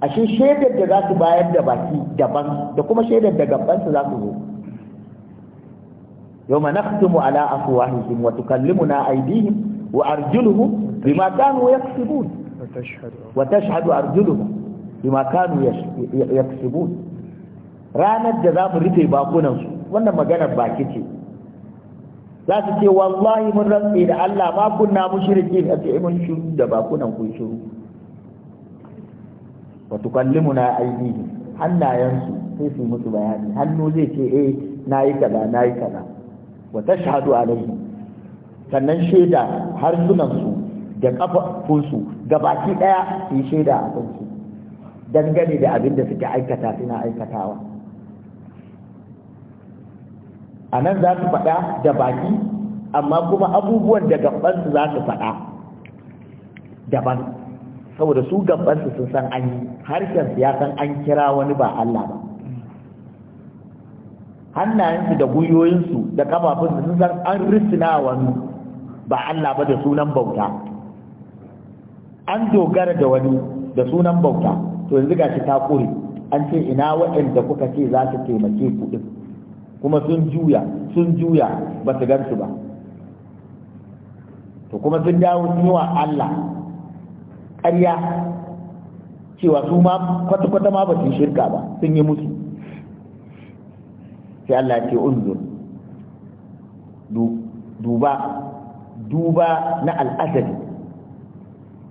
ashe shaidar da za su bayar da baki daban da kuma shaidar da su za su zo yau manaktumu ala afwahihim wa tukallimuna aydihim wa arjuluhum bima kanu yaksibun wa tashhadu arjuluhum bima kanu yaksibun ranar da za mu rufe bakunansu wannan maganar baki ce za su ce wallahi mun rantsi da Allah ba kunna mushriki a ce mun shuru da bakunan kun shuru wa tukallimuna aydihim hannayensu sai su musu bayani hannu zai ce eh nayi kaza nayi kaza wa tashhadu alaihim sannan shaida har sunansu da kafafunsu ga baki daya su shaida a kansu dangane da abin da suke aikata suna aikatawa a nan za su faɗa da baki amma kuma abubuwan da gabansu za su faɗa daban saboda su gabansu sun san an yi harshensu ya san an kira wani ba Allah ba hannayensu da gwiwoyinsu da kafafunsu sun san an risina wani ba Allah ba da sunan bauta an dogara da wani da sunan bauta to yanzu gashi ta kure an ce ina waɗanda kuka ce za su taimake ku kuma sun juya sun juya ba su gansu ba to kuma sun dawo yiwa Allah ƙarya cewa su ma kwata-kwata ma ba su shirka ba sun yi musu sai Allah ce unzur duba duba na al'adari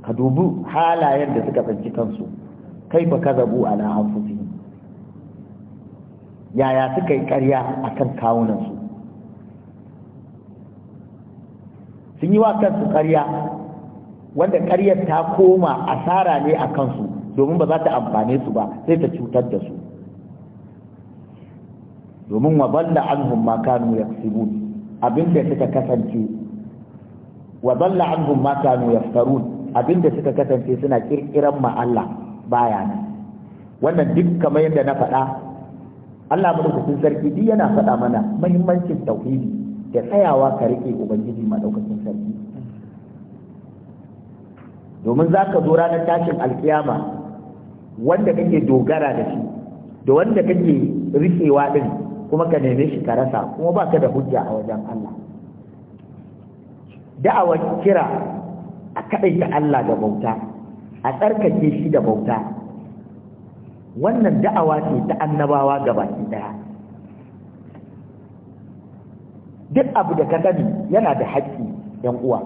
ka dubi halayen da suka tsanci kansu kai ba ka zabu ala hanfusi yaya suka yi ƙarya a kan kawunansu sun yi wa kansu ƙarya wanda ƙaryar ta koma asara ne a kansu domin ba za ta amfane su ba sai ta cutar da su domin wa balla ma kanu abinda suka kasance wa balla ma kanu abinda suka kasance suna kirkiran ma Allah wannan duk kamar yadda na faɗa Allah madaukakin sarki duk yana faɗa mana muhimmancin tauhidi da tsayawa ka rike ubangiji madaukakin sarki domin za ka zo ranar tashin alkiyama wanda kake dogara da shi da wanda kake rikewa din kuma ka neme shi ka rasa kuma baka da hujja a wajen Allah da'awar kira a kaɗaita Allah da bauta a tsarkake shi da bauta wannan da'awa ce ta annabawa gabaki daya duk abu da ka gani yana da haƙƙi yan uwa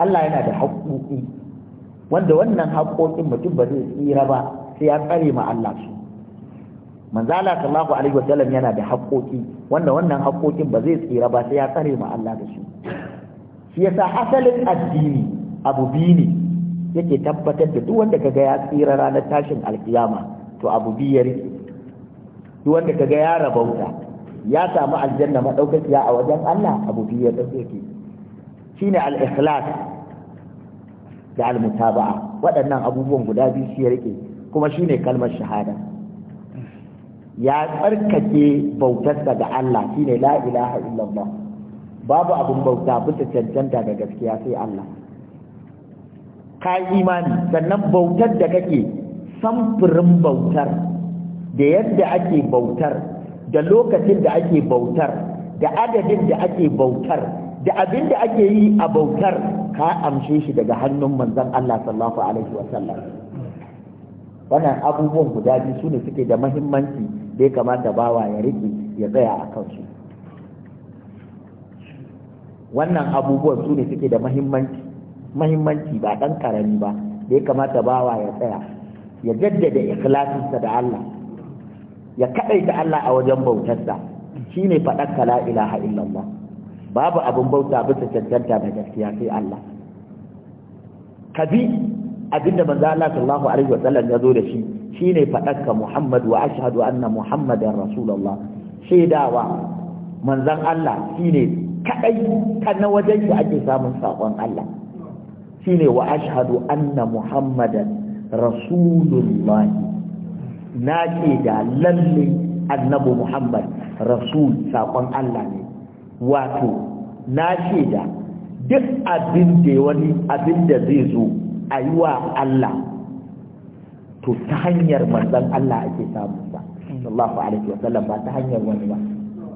Allah yana da haƙƙoƙi wanda wannan haƙƙoƙin mutum ba zai tsira ba sai ya tsare ma Allah su manzo Allah sallallahu alaihi wasallam yana da haƙƙoƙi wanda wannan haƙƙoƙin ba zai tsira ba sai ya tsare ma Allah da su shi yasa asalin addini abu biyu ne yake tabbatar da duk wanda kaga ya tsira ranar tashin alkiyama to abu biyar duk wanda kaga ya rabauta ya samu aljanna madaukakiya a wajen Allah abu biyar da yake shine al-ikhlas da al-mutaba'a waɗannan abubuwan guda biyu shi yake kuma shine kalmar shahada ya tsarkake bautarsa ga Allah shine la ilaha illallah babu abun bauta bisa cancanta ga gaskiya sai Allah ka imani sannan bautar da kake samfurin bautar da yadda ake bautar da lokacin da ake bautar da adadin da ake bautar da abin da ake yi a bautar ka amshe shi daga hannun manzon Allah sallallahu alaihi wasallam wannan abubuwan guda biyu su ne suke da mahimmanci da ya kamata bawa ya riƙe ya tsaya a kansu wannan abubuwan su ne suke da mahimmanci mahimmanci ba dan karami ba da ya kamata bawa ya tsaya ya jaddada ikhlasinsa da Allah ya kaɗaita Allah a wajen bautarsa shine faɗar la ilaha illallah babu abin bauta bisa cancanta da gaskiya sai Allah kabi abinda manzo Allah sallallahu alaihi wa sallam ya zo da shi shine faɗar ka Muhammad wa ashhadu anna Muhammadan rasulullah shaidawa manzon Allah shine kadai kan wajen shi ake samun sakon Allah shine wa ashhadu anna muhammadan rasulullah na ce da lalle annabi muhammad rasul sakon Allah ne wato na ce da duk abin da wani abin da zai zo a Allah to ta hanyar manzon Allah ake samun ba sallallahu alaihi wa sallam ba ta hanyar wani ba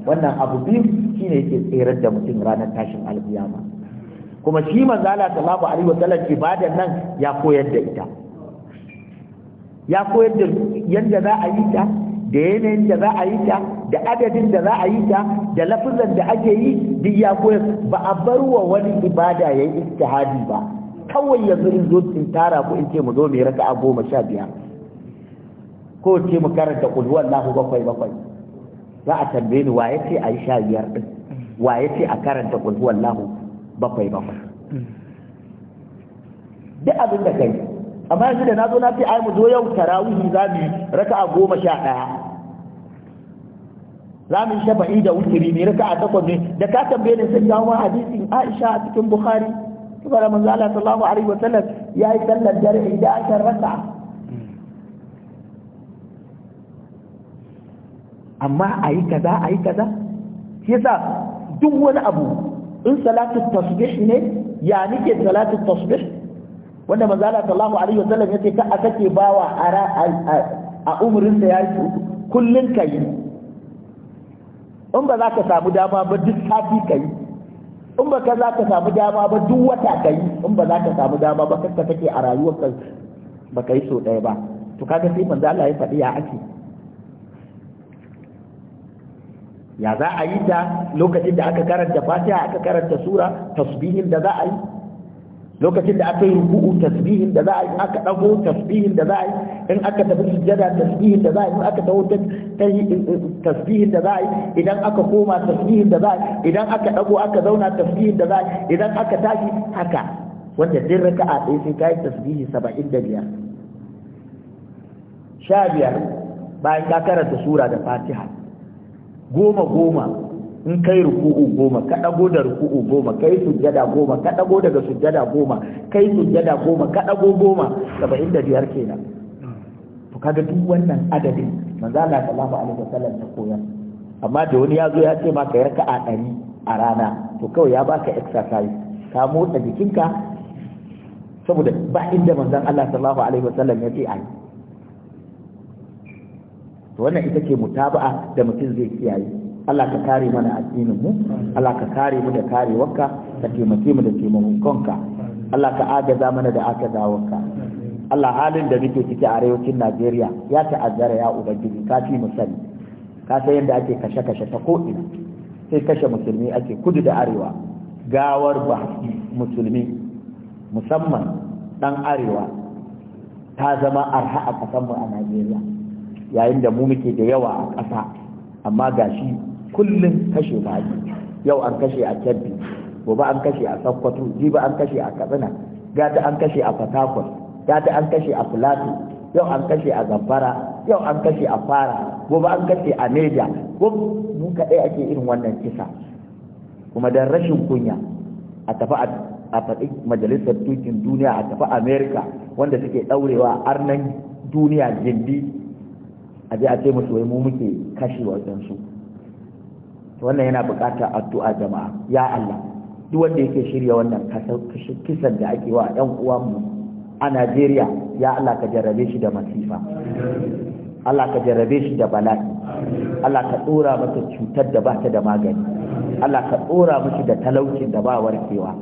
wannan abu biyu shine yake tsirar da mutum ranar tashin alkiyama kuma shi manzo Allah sallallahu alaihi wasallam ibadan nan ya koyar da ita ya koyar da yanda za a yi ta da yanayin da za a yi ta da adadin da za a yi ta da lafazan da ake yi duk ya koyar ba a bar wa wani ibada yayi istihadi ba kawai yanzu in zo in tara ku in ce mu zo mu raka a goma sha biyar ko ce mu karanta kul huwallahu bakwai bakwai za a tambaye ni wa yace a yi sha biyar din wa yace a karanta kul huwallahu bakwai bakwai duk abin da kai amma yanzu da na zo na fi ai mu zo yau tarawihi za mu raka a goma sha ɗaya za mu shafa'i da wuturi ne raka a takwas ne da ka tambaye ni sai dawo hadisin Aisha a cikin Bukhari kuma manzo Allah sallallahu alaihi wasallam ya yi sallar dare 11 raka'a amma ayi kaza ayi kaza yasa duk wani abu in salatu tasbih ne ya nike salatu tasbih wanda manzo Allah sallallahu alaihi wasallam yace ka a kake bawa a umrin da yayi kullun kai in ba za ka samu dama ba duk sati kai in ba ka za ka samu dama ba duk wata kai in ba za ka samu dama ba kakka take a rayuwarka ba kai so ɗaya ba to kaga sai manzo Allah ya faɗi ya ake ya za a yi ta lokacin da aka karanta fatiha aka karanta sura tasbihin da za a yi lokacin da aka yi ruku'u tasbihin da za a yi aka dago tasbihin da za a yi in aka tafi sujjada tasbihin da za a yi in aka taho eh, eh, tasbihin da za a yi idan aka koma tasbihin da za a yi idan aka dago aka zauna tasbihin da za a yi idan aka tashi haka wanda duk raka'a ɗaya sai ka yi tasbihi saba'in da biyar sha biyar bayan ka karanta sura da fatiha goma goma in kai ruku'u goma ka dago da ruku'u goma kai sujjada goma ka dago daga sujjada goma kai sujjada goma ka dago goma biyar kenan to kaga duk wannan adadin manzo Allah sallallahu alaihi wasallam ta koyar amma da wani ya zo ya ce maka yarka a ɗari a rana to kawai ya baka exercise ka motsa jikinka saboda ba inda manzon Allah sallallahu alaihi wasallam ya ce ai to wannan ita ce mutaba'a da mutum zai kiyaye Allah ka kare mana addinin mu Allah ka kare mu da karewarka ka taimake mu da taimakonka Allah ka agaza mana da agazawarka Allah halin da muke ciki a arewacin Najeriya ya ta'azzara ya ubangiji ka fi mu sani ka san yadda ake kashe-kashe ta ko'ina sai kashe musulmi ake kudu da arewa gawar ba musulmi musamman dan arewa ta zama arha a kasanmu a Najeriya yayin da mu muke da yawa a ƙasa amma ga shi kullum kashe ba yau an kashe a kyabbi gobe an kashe a sokoto jiba an kashe a katsina gata an kashe a fatakwal gata an kashe a filato yau an kashe a zamfara yau an kashe a fara gobe an kashe a neja gobe mu kaɗai ake irin wannan kisa kuma don rashin kunya a tafi a faɗi majalisar tukin duniya a tafi amerika wanda suke ɗaurewa arnan duniya gindi a je a ce musu wai mu muke kashe waɗansu wannan yana buƙatar addu'a jama'a ya Allah duk wanda yake shirya wannan kisan da ake wa uwan mu a Najeriya ya Allah ka jarrabe shi da masifa Allah ka jarrabe shi da bala'i Allah ka ɗora masa cutar da ba ta da magani Allah ka tsora mishi da talaucin da ba warkewa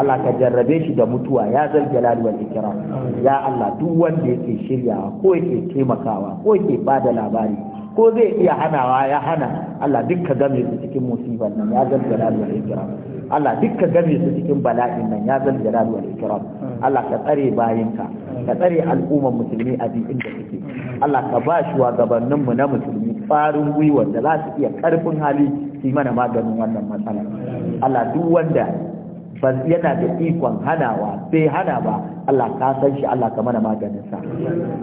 Allah ka jarrabe shi da mutuwa ya zal jalali wal ikram ya Allah duk wanda yake shiryawa ko yake taimakawa ko yake bada labari ko zai iya hanawa ya hana Allah dukka game su cikin musibar nan ya zal jalali wal ikram Allah dukka game su cikin bala'in nan ya zal jalali wal ikram Allah ka tsare bayinka ka tsare al'ummar musulmi a duk inda suke Allah ka ba shi wa gabanninmu na musulmi farin gwiwa da za su iya karfin hali yi mana maganin wannan matsalar Allah duk wanda yana da ikon hanawa sai hana ba Allah ka san shi Allah ka mana maganin sa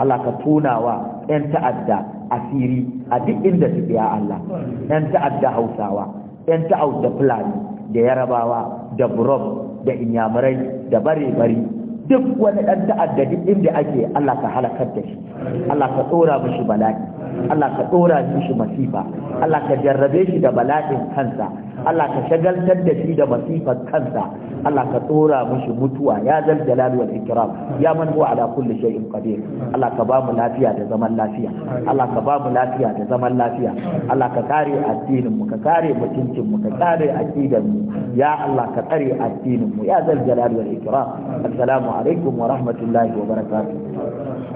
Allah ka tunawa yan ta'adda asiri a duk inda suke ya Allah yan ta'adda Hausawa yan ta'adda Fulani da Yarabawa da Burob da Inyamurai da bare bari duk wani ɗan ta'adda duk inda ake Allah ka halakar da shi Allah ka tsora mushi bala'i Allah ka dora shi masifa Allah ka jarrabe shi da bala'in kansa Allah ka shagaltar da shi da masifar kansa Allah ka dora mishi mutuwa ya zal jalal wal ikram ya man huwa ala kulli shay'in qadir Allah ka ba mu lafiya da zaman lafiya Allah ka ba mu lafiya da zaman lafiya Allah ka kare addinin mu ka kare mutuncin mu ka kare aqidar mu ya Allah ka kare addinin mu ya zal jalal wal ikram assalamu alaikum wa rahmatullahi wa barakatuh